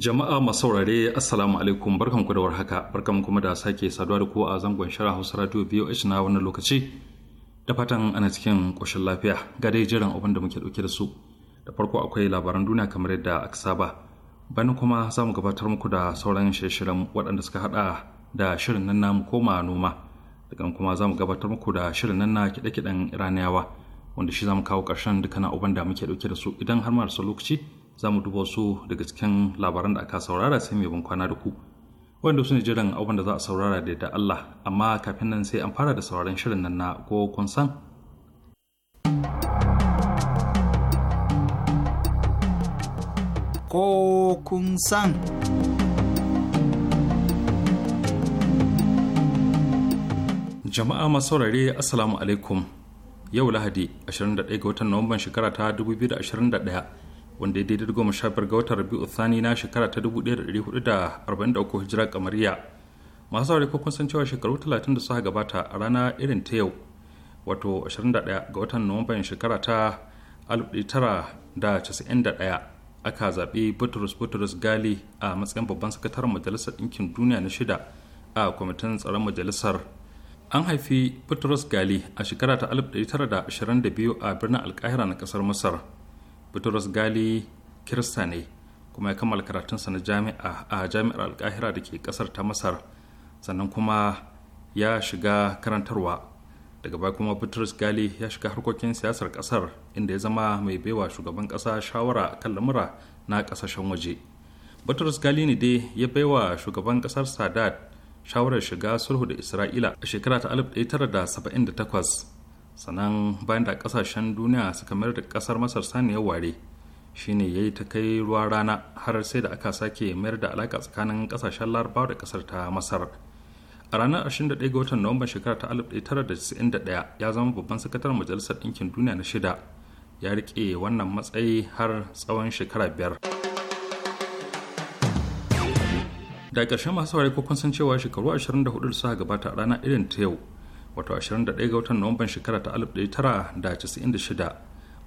Jama'a masaurare Assalamu alaikum barkanku da warhaka barkan kuma da sake saduwa da ku a zangon shara Hausa Radio BOH na wannan lokaci da fatan ana cikin ƙoshin lafiya ga dai jiran abin da muke dauke da su da farko akwai labaran duniya kamar yadda aka saba bayan kuma za mu gabatar muku da sauran shirye-shiryen waɗanda suka haɗa da shirin nan namu koma noma daga kuma za mu gabatar muku da shirin nan na kiɗe-kiɗen iraniyawa wanda shi za mu kawo ƙarshen dukkan abin da muke ɗauke da su idan har marasa lokaci za mu duba su daga cikin labaran da aka saurara sai mai ban kwana da ku wanda su ne jiran abin da za a saurara da yadda Allah amma kafin nan sai an fara da sauraron shirin nan na ko kun san ko kun san jama'a masu saurare assalamu alaikum yau lahadi 21 ga watan nuwamban shekara ta 2021 wanda ya daidai goma sha biyar ga watan rabi'u sani na shekara ta 1443 hijira kamariya masu saurari ko kun san cewa shekaru 30 da suka gabata a rana irin ta yau wato 21 ga watan nuwamban shekara ta 1991 aka zaɓi butrus butrus gali a matsayin babban sakataren majalisar ɗinkin duniya na shida a kwamitin tsaron majalisar an haifi butrus gali a shekara ta 1922 a birnin alkahira na ƙasar masar Bitrus Gali Kirista ne kuma ya kammala karatunsa na jami'a a jami'ar Alkahira da ke kasar ta Masar sannan kuma ya shiga karantarwa daga baya kuma Bitrus Gali ya shiga harkokin siyasar kasar inda ya zama mai baiwa shugaban kasa shawara kan lamura na kasashen waje. Bitrus Gali ne dai ya baiwa shugaban kasar Sadat shawarar shiga sulhu da Isra'ila a shekara ta 1978 sannan bayan da kasashen duniya suka mayar da kasar masar saniyar ware shine ya yi ta kai ruwa rana har sai da aka sake mayar da alaka tsakanin kasashen larabawa da kasar ta masar a ranar 21 ga watan nuwamban shekara ta 1991 ya zama babban sakataren majalisar ɗinkin duniya na shida ya rike wannan matsayi har tsawon shekara biyar da ƙarshen masu saurari kun san cewa shekaru 24 da suka gabata a rana irin ta yau wato 21 ga watan nuwamban shekara ta 1996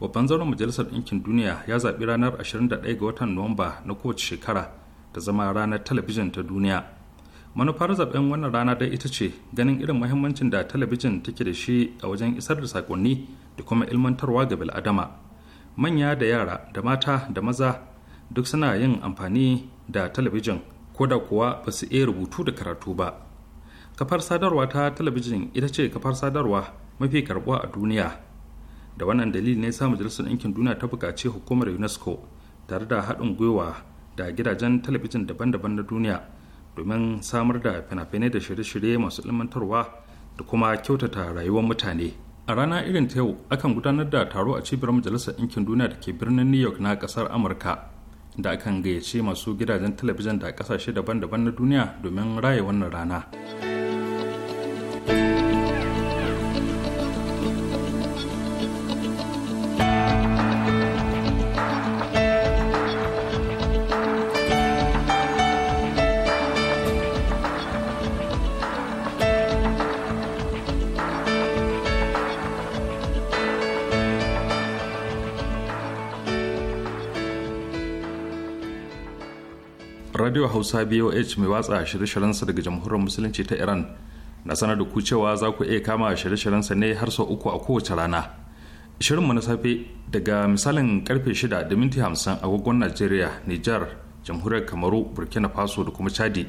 babban zauren majalisar ɗinkin duniya ya zaɓi ranar 21 ga watan nuwamba na kowace shekara ta zama ranar talabijin ta duniya manufar zaɓen wannan rana dai ita ce ganin irin mahimmancin da talabijin take da shi a wajen isar da saƙonni da kuma ilmantarwa ga bil'adama manya da yara da mata da maza duk suna yin amfani da talabijin ko da kuwa ba su iya rubutu da karatu ba kafar sadarwa ta talabijin ita ce kafar sadarwa mafi karbuwa a duniya da wannan dalili ne sa majalisar ɗinkin duniya ta buƙaci hukumar unesco tare da haɗin gwiwa da gidajen talabijin daban-daban na duniya domin samar da fina-finai da shirye-shirye masu ilmantarwa da kuma kyautata rayuwar mutane a rana irin ta yau akan gudanar da taro a cibiyar majalisar ɗinkin duniya da ke birnin new york na ƙasar amurka da akan gayyace masu gidajen talabijin da ƙasashe daban-daban na duniya domin raye wannan rana. radio hausa boh mai watsa shirye-shiryensa daga jamhuriyar musulunci ta iran na sanar da ku cewa za ku iya kama shirye-shiryensa ne har sau uku a kowace rana shirinmu na safe daga misalin karfe 6 da minti 50 agogon najeriya nijar jamhuriyar kamaru burkina faso da kuma chadi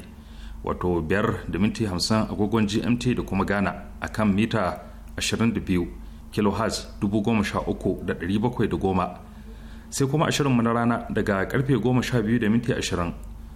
wato 5 da minti 50 agogon gmt da kuma ghana a kan mita 22 da goma sai kuma ashirinmu na rana daga karfe 12 da minti 20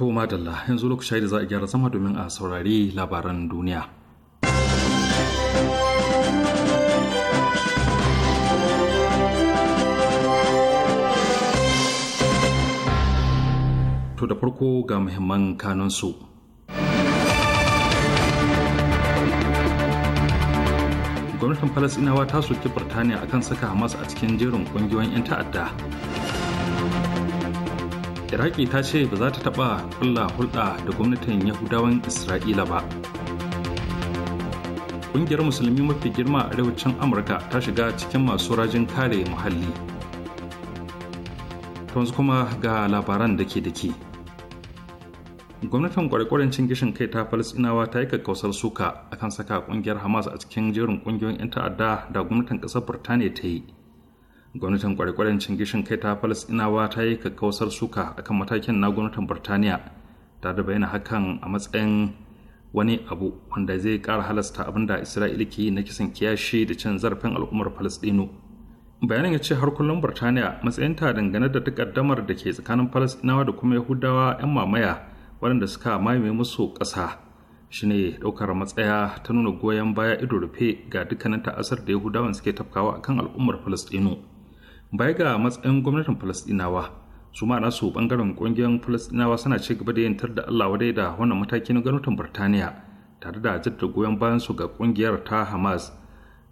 To madalla yanzu lokaci da za a gyara zama domin a saurari labaran duniya. To da farko ga muhimman kanunsu. Gwamnatin Falasinawa ta soki Birtaniya akan saka Hamas a cikin jerin ƙungiyoyin 'yan ta'adda. iraki ta ce ba za ta taɓa kulla hulɗa da gwamnatin yahudawan isra'ila ba ƙungiyar musulmi mafi girma a arewacin amurka ta shiga cikin masu rajin kare muhalli ta kuma ga labaran da ke da ke gwamnatin kwarekwaren cin gishin kai ta falasinawa ta yi kakkausar suka akan saka ƙungiyar hamas a cikin jerin kungiyoyin 'yan ta'adda da gwamnatin ƙasar birtaniya ta yi gwamnatin kwarekwarancin gishin kai ta inawa ta yi kakkausar suka akan matakin na gwamnatin birtaniya ta da bayyana hakan a matsayin wani abu wanda zai kara halasta abin da isra'ila ke yi na kisan kiyashi da cin zarafin al'ummar falasɗinu bayanin ya ce har kullum matsayin ta dangane da takaddamar da ke tsakanin falasɗinawa da kuma yahudawa 'yan mamaya waɗanda suka mamaye musu ƙasa shine ɗaukar matsaya ta nuna goyon baya ido rufe ga dukkanin ta'asar da yahudawan suke tafkawa akan al'ummar falasɗinu baya ga matsayin gwamnatin falastinawa su ma nasu bangaren kungiyar falastinawa suna ci gaba da yin tar da allah wadai da wannan mataki na gwamnatin burtaniya tare da jaddada goyon bayan su ga kungiyar ta hamas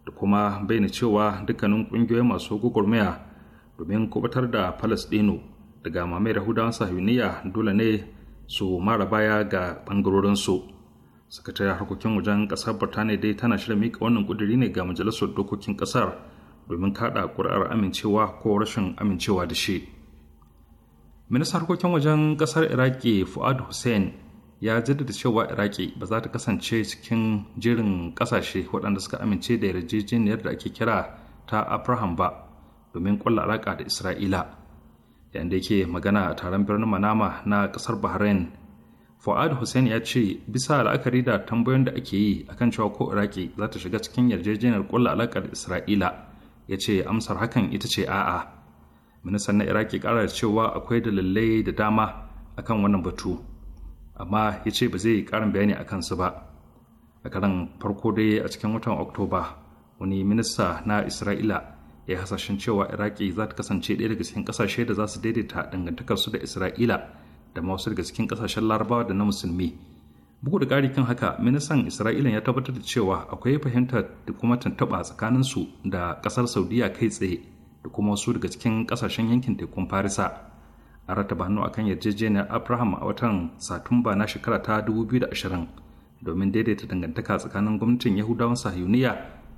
da kuma bayyana cewa dukkanin kungiyoyin masu gwagwarmaya domin kubutar da falasɗinu daga mamayar hudawan sahiyuniya dole ne su mara baya ga bangarorinsu sakatare harkokin wajen kasar burtaniya dai tana shirin mika wannan kudiri ne ga majalisar dokokin ƙasar domin kaɗa ƙuri'ar amincewa ko rashin amincewa da shi minista harkokin wajen ƙasar iraki fuad hussein ya jaddada cewa iraki ba za ta kasance cikin jerin kasashe waɗanda suka amince da yarjejeniyar da ake kira ta abraham ba domin ƙulla alaƙa da isra'ila Yanda yake magana a taron birnin manama na ƙasar bahrain fuad hussein ya ce bisa la'akari da tambayoyin da ake yi akan cewa ko iraki za ta shiga cikin yarjejeniyar ƙulla alaƙa da isra'ila ya ce amsar hakan ita ce a'a ministan na iraki kara da cewa akwai dalilai da dama akan wannan batu amma ya ce ba zai yi ƙarin bayani a kansu ba a karan farko dai a cikin watan oktoba wani minista na isra'ila ya hasashen cewa iraki za ta kasance ɗaya daga cikin ƙasashe da za su daidaita dangantakarsu da isra'ila da masu wasu daga cikin ƙasashen larabawa da na musulmi bugu da ƙari kan haka ministan isra'ila ya tabbatar da cewa akwai fahimtar da kuma tsakanin tsakaninsu da ƙasar saudiya kai tsaye da kuma wasu daga cikin ƙasashen yankin tekun farisa a rataba hannu akan yarjejeniyar abraham a watan satumba na shekara ta 2020 domin daidaita dangantaka tsakanin gwamnatin yahudawan sahiyuniya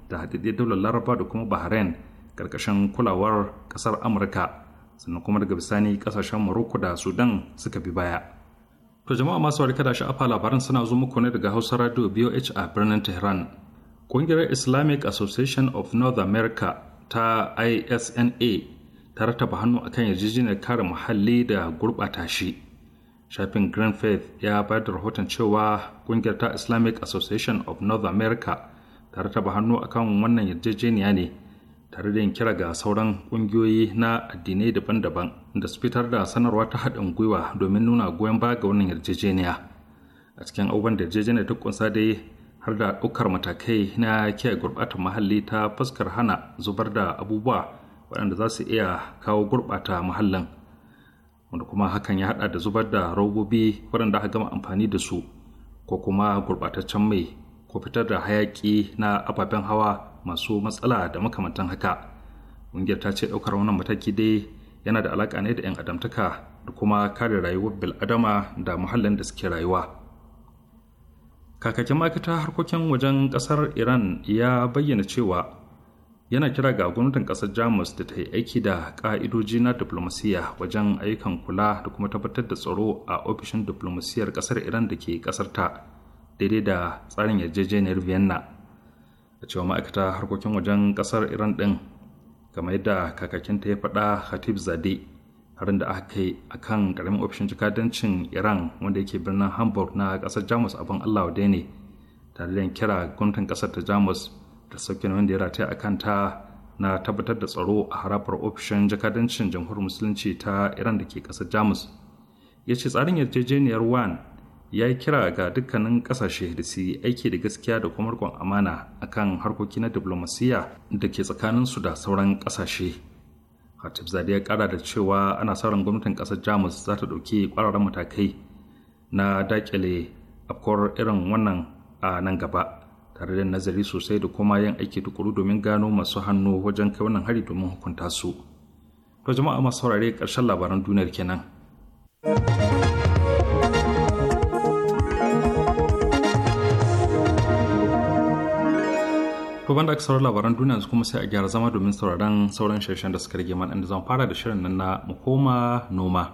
da haɗaɗɗiyar daular laraba da kuma bahrain ƙarƙashin kulawar ƙasar amurka sannan kuma daga bisani ƙasashen morocco da sudan suka bi baya To jama'a masu kada shi afa labaran suna zo muku ne daga Hausa Radio BOH a birnin Tehran. Ƙungiyar Islamic Association of North America ta ISNA ta rataba hannu akan yarjejeniyar kare muhalli da gurɓata shi. Shafin Grand Faith ya bayar da rahoton cewa ƙungiyar ta Islamic Association of North America ta rataba hannu akan wannan yarjejeniya ne tare da yin kira ga sauran ƙungiyoyi na addinai daban-daban da su fitar da sanarwa ta haɗin gwiwa domin nuna goyon baya ga wannan yarjejeniya a cikin abubuwan da yarjejeniya, ta kunsa dai har da ɗaukar matakai na kiyaye gurɓatar muhalli ta fuskar hana zubar da abubuwa waɗanda za su iya kawo gurɓata muhallin wanda kuma hakan ya haɗa da zubar da robobi waɗanda aka gama amfani da su ko kuma gurɓataccen mai ko fitar da hayaƙi na ababen hawa masu matsala da makamantan haka ƙungiyar ta ce ɗaukar wannan mataki dai yana da alaƙa ne da 'yan adamtaka da kuma kare rayuwar bil'adama da muhallin da suke rayuwa kakakin ma'aikata harkokin wajen ƙasar iran ya bayyana cewa yana kira ga gwamnatin ƙasar jamus da ta yi aiki da ƙa'idoji na diplomasiya wajen ayyukan kula da kuma tabbatar da tsaro a ofishin diplomasiyar ƙasar iran da ke ƙasar ta daidai da tsarin yarjejeniyar vienna da cewa ma'aikata harkokin wajen kasar iran din kamar yadda ta ya faɗa khatib zade harin da aka kai a kan ƙaramin ofishin jikadancin iran wanda yake birnin hamburg na kasar jamus abin allah dai ne tare da kira gwamnatin ƙasar ta jamus da sauke wanda ya rataya a ta na tabbatar da tsaro a harafar ofishin jakadancin jamhuriyar musulunci ta iran da ke kasar jamus ya ce tsarin yarjejeniyar wan ya yi kira ga dukkanin kasashe da su yi aiki da gaskiya da kuma rikon amana kan harkoki na diplomasiyya da ke tsakaninsu da sauran kasashe hatib zade ya kara da cewa ana sauran gwamnatin kasar jamus za ta ɗauki ƙwararren matakai na dakile afkuwar irin wannan a nan gaba tare da nazari sosai da kuma yin aiki tukuru domin gano masu hannu wajen kai wannan hari domin hukunta su to jama'a masu saurare ƙarshen labaran duniyar kenan. to banda aka sauran labaran duniya kuma sai a gyara zama domin sauraron sauran shirshen da suka rage man inda zan fara da shirin nan na mu koma noma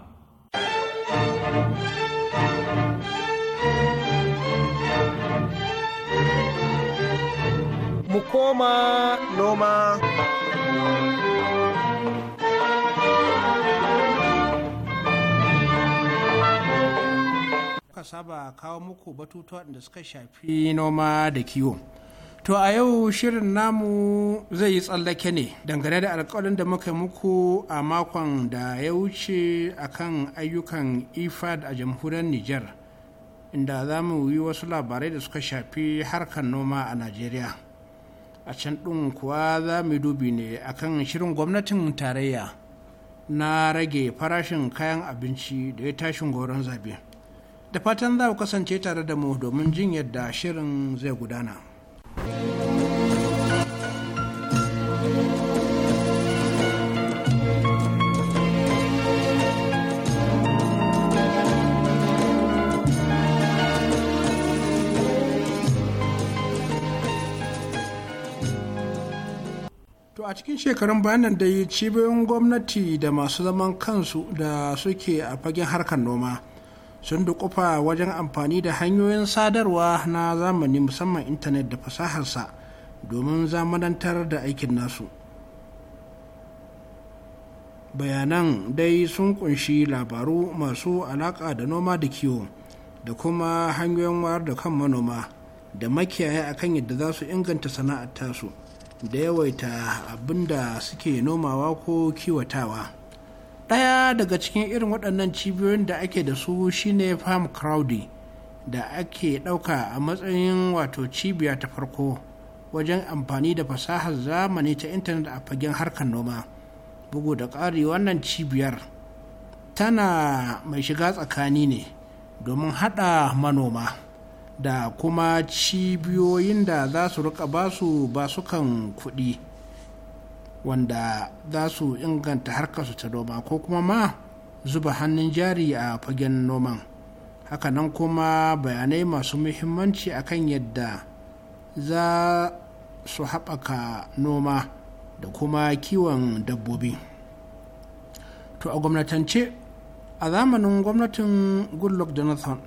mu koma noma Kuka saba kawo muku batutuwa da suka shafi noma da kiwo To a yau shirin namu zai yi tsallake ne dangane da alkalin da muka muku a makon da ya wuce akan ayyukan ifad a jamhuriyar Nijar inda za mu yi wasu labarai da suka shafi harkar noma a Najeriya. A can ɗin kuwa za mu dubi ne akan shirin gwamnatin tarayya na rage farashin kayan abinci da ya tashin goron zabe. Da fatan za ku kasance tare da mu domin jin yadda shirin zai gudana. a cikin shekarun bayanan da cibiyoyin gwamnati da masu zaman kansu da suke a fagen harkar noma sun dukufa wajen amfani da hanyoyin sadarwa na zamani musamman intanet da fasaharsa domin zamanantar da aikin nasu bayanan dai sun kunshi labaru masu alaƙa da noma da kiwo da kuma hanyoyin wayar da kan manoma da makiyaya akan yadda za su inganta sana'ar tasu da yawaita abinda suke nomawa ko kiwatawa. ɗaya daga cikin irin waɗannan cibiyoyin da ake da su shine farm crowdy da ake ɗauka a matsayin wato cibiya ta farko wajen amfani da fasahar zamani ta intanet a fagen harkar noma bugu da ƙari wannan cibiyar tana mai shiga tsakani ne domin haɗa manoma da kuma cibiyoyin da za su rika basu basukan kuɗi wanda za su inganta harkar su ta noma ko kuma ma zuba hannun jari a fagen noman hakanan kuma bayanai masu muhimmanci a kan yadda za su haɓaka noma da kuma kiwon dabbobi to a gwamnatance a zamanin gwamnatin goodluck jonathan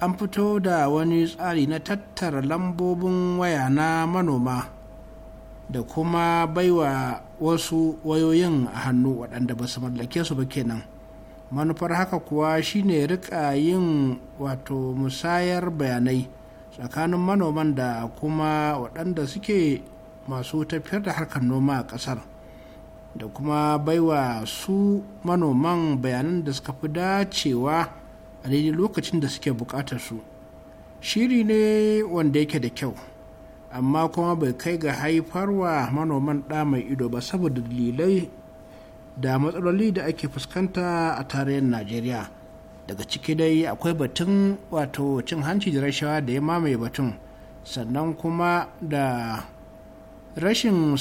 an fito da wani tsari na tattara lambobin waya na manoma da kuma baiwa wasu wayoyin a hannu waɗanda ba su mallake su ba kenan manufar haka kuwa shine rika yin wato musayar bayanai tsakanin manoman da kuma waɗanda suke masu tafiyar da harkar noma a ƙasar da kuma baiwa su manoman bayanan da suka fi dacewa a daidai lokacin da suke buƙatar su shiri ne wanda yake da kyau amma kuma bai kai ga haifarwa manoman ɗa mai ido ba saboda dalilai da matsaloli da ake fuskanta a tarayyar najeriya daga ciki dai akwai batun wato cin hanci da rashawa da ya mamaye batun sannan kuma da rashin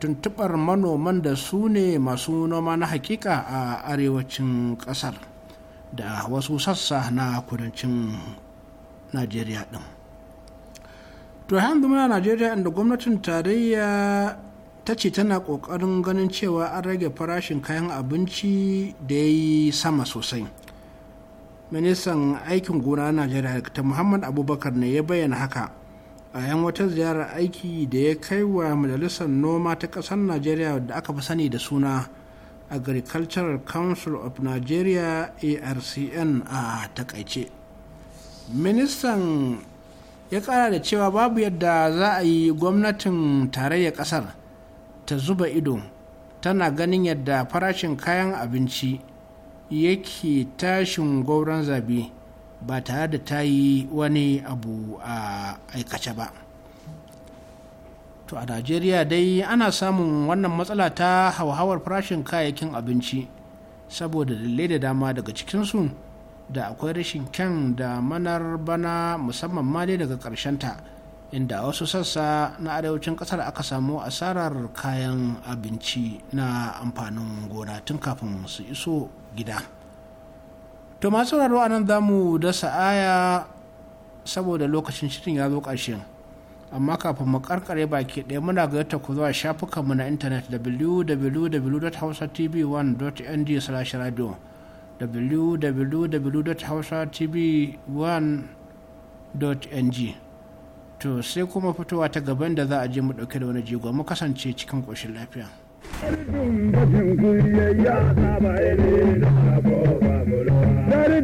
tuntubar manoman da su ne masu noma na hakika a arewacin kasar da wasu sassa na kudancin najeriya din. to yanzu muna najeriya inda gwamnatin tarayya ta ce tana kokarin ganin cewa an rage farashin kayan abinci da ya yi sama sosai ministan aikin gona na najeriya ta muhammad abubakar ne ya bayyana haka a yan wata ziyarar aiki da ya kai wa majalisar noma ta ƙasar najeriya da aka fi sani da suna agricultural council of nigeria arcn a takaice ministan ya kara da cewa babu yadda za a yi gwamnatin tarayyar kasar ta zuba ido tana ganin yadda farashin kayan abinci yake tashin gwauron zabe ba tare da ta yi wani abu a aikace ba to a najeriya dai ana samun wannan matsala ta hauhawar farashin kayayyakin abinci saboda dalilai da dama daga cikinsu da akwai rashin kyan da manar bana musamman ma dai daga ta inda wasu sassa na arewacin ƙasar aka samu asarar kayan abinci na amfanin gona tun kafin su iso gida to masu sauraro a nan za mu dasa aya saboda lokacin shirin ya zo ƙarshen amma kafin mu karkare baki ɗaya muna gayyata ku zuwa shafukanmu na intanet www.hausatv1.ng/radio www.hausatv1.ng to sai kuma fitowa ta gaban da za a je mu ɗauke da wani jigo mu kasance cikin ƙoshin lafiya. Dari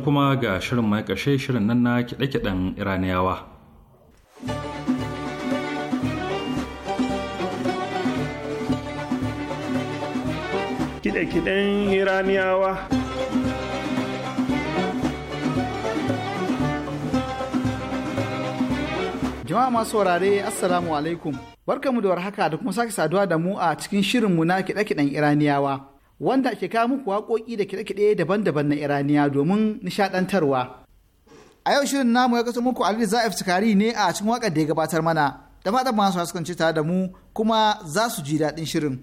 kuma ga shirin mai kashe shirin nan na kiɗe-kiɗen iraniyawa kide-kiden iraniyawa jama'a masu wurare assalamu alaikum mu da warhaka da kuma sake saduwa da mu a cikin shirinmu na kide-kiden iraniyawa wanda ke kawo muku waƙoƙi da kide-kide daban-daban na iraniya domin nishaɗantarwa. a yau shirin namu ya kasu muku ali za'if tukari ne a cikin waƙar da ya gabatar mana da fatan masu haskanci tare da mu kuma za su ji daɗin shirin.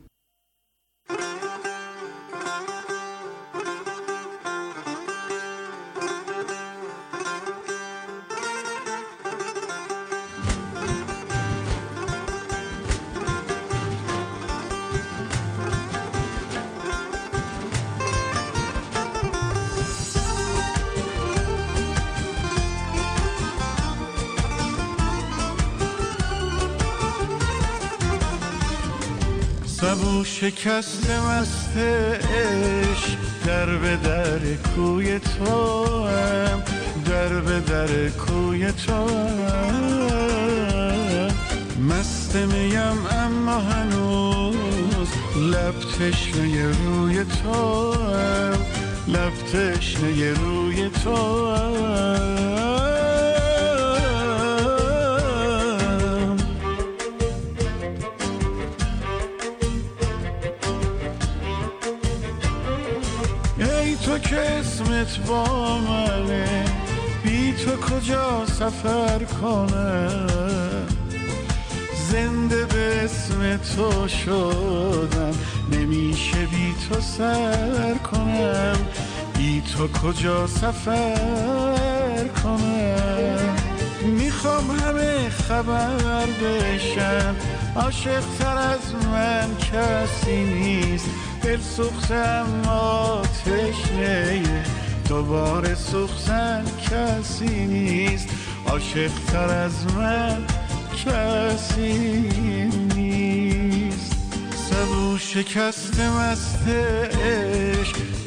شکست مست در به در کوی تو هم در به در کوی تو مست میم اما هنوز لب تشنه روی تو هم لب تشنه روی تو هم دلت با بی تو کجا سفر کنم زنده به اسم تو شدم نمیشه بی تو سر کنم بی تو کجا سفر کنم میخوام همه خبر بشم عاشق تر از من کسی نیست دل سخت بار سخن کسی نیست عاشق تر از من کسی نیست سبو شکست مست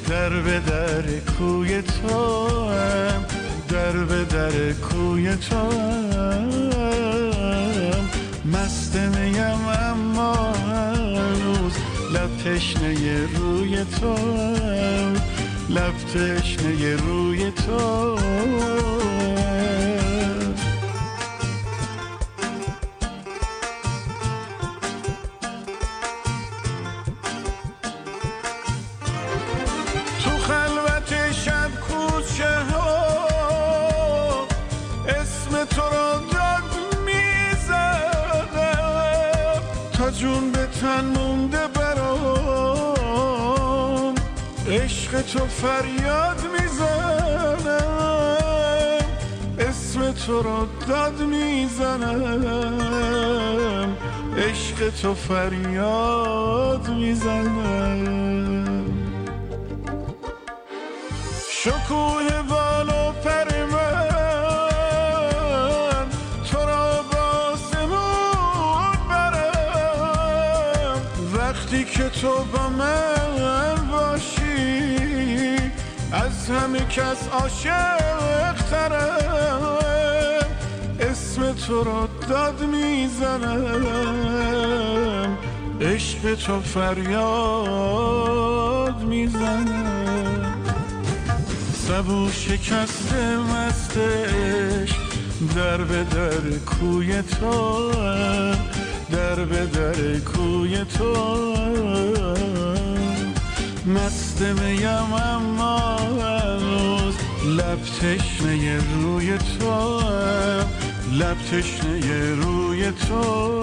در به در کوی تو هم در به در کوی تو هم مست میم اما هنوز لب تشنه روی تو هم لفتش روی تا تو خلوت شب کوچه ها اسم تو را در میزه تا جون به تن مونده برا عشق تو فریاد میزنم اسم تو را داد میزنم عشق تو فریاد میزنم شکوه بالا همه کس عاشق اسم تو را داد میزنم عشق تو فریاد میزنم سبو شکسته مستش در به در کوی تو در به در کوی تو مست میم اما هنوز لب تشنه روی تو لب تشنه روی تو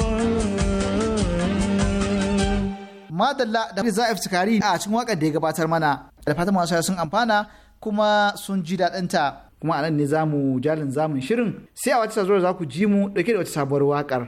madalla da za a iftikari a cikin wakar da ya gabatar mana da fatan masu sun amfana kuma sun ji daɗinta kuma anan ne zamu jalin zamun shirin sai a wata sazuwar za ku ji mu ɗauke da wata sabuwar wakar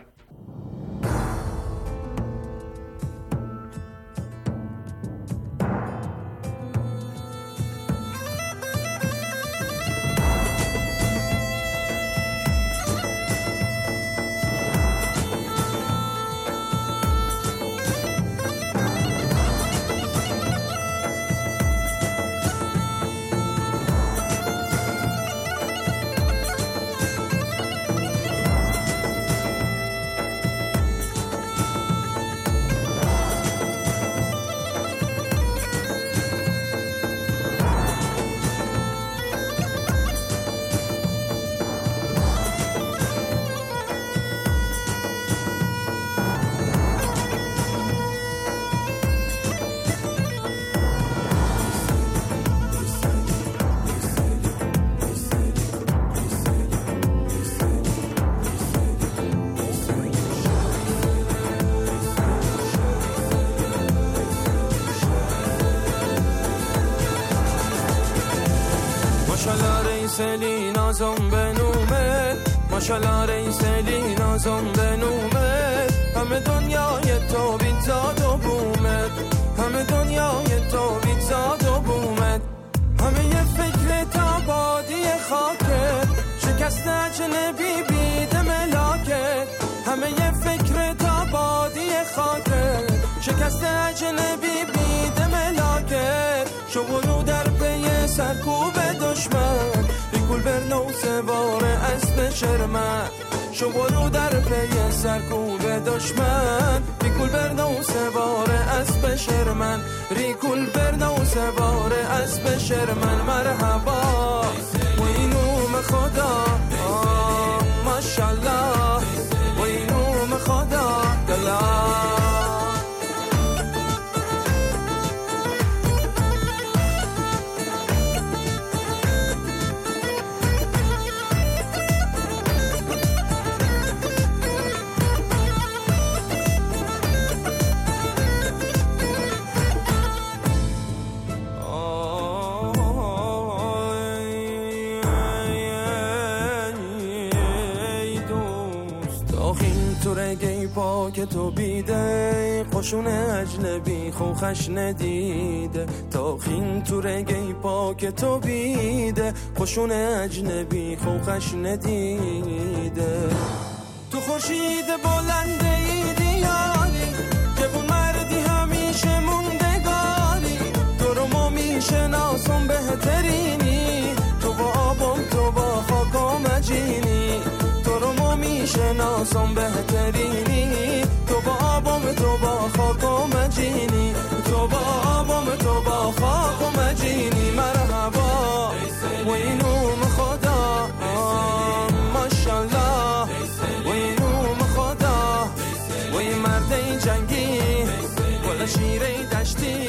نازم به نومه ماشالله رئیس علی نازم به نومه همه دنیای تو بیزاد و بومد همه دنیای تو بیزاد و بومد همه یه فکر تبادی خاکه شکست بی بید ملاکه همه یه فکر تبادی خاکه شکست اجنبی بید ملاکه شغلو در پی سرکوب دشمن گل بر نو اسب شرمن شو در پی سرکوب دشمن ریکول بر نو اسب شرمن ریکول بر نو سوار اسب شرمن مرحبا و اینو خدا ماشالله پاک تو بیده خوشون اجنبی خوخش ندیده خین تو رگی پاک تو بیده خوشون اجنبی خوخش ندیده تو خوشیده بلنده ای که بون مردی همیشه موندگاری تو رو ما میشناسم بهترین بازم بهترینی تو با آبام تو با خاک و مجینی تو با آبام تو با خاک و مجینی مرحبا و اینوم خدا ماشالله و اینوم خدا و این مرد جنگی گل شیره دشتی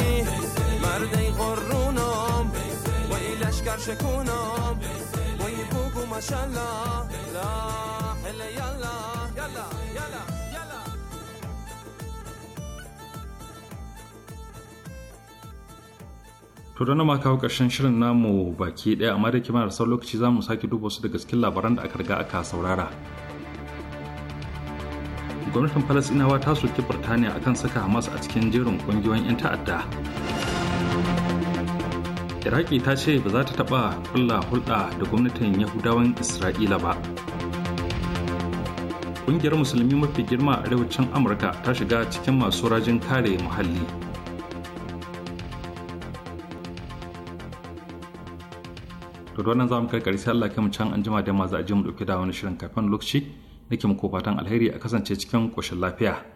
مرد قرونم و این لشکر شکونم و این بگو ماشالله لا to don ma kawo ƙarshen shirin namu baki ɗaya amma da kima sa lokaci za mu sake duba su da gaskin labaran da aka riga aka saurara gwamnatin falasinawa ta soki birtaniya akan saka hamas a cikin jerin kungiyoyin 'yan ta'adda iraki ta ce ba za ta taɓa kulla hulɗa da gwamnatin yahudawan isra'ila ba ƙungiyar musulmi mafi girma a arewacin amurka ta shiga cikin masu rajin kare muhalli to da wannan zamu karkare sai Allah mu can anjima da ma a mu dauke da wani shirin kafin lokaci nake muku fatan alheri a kasance cikin koshin lafiya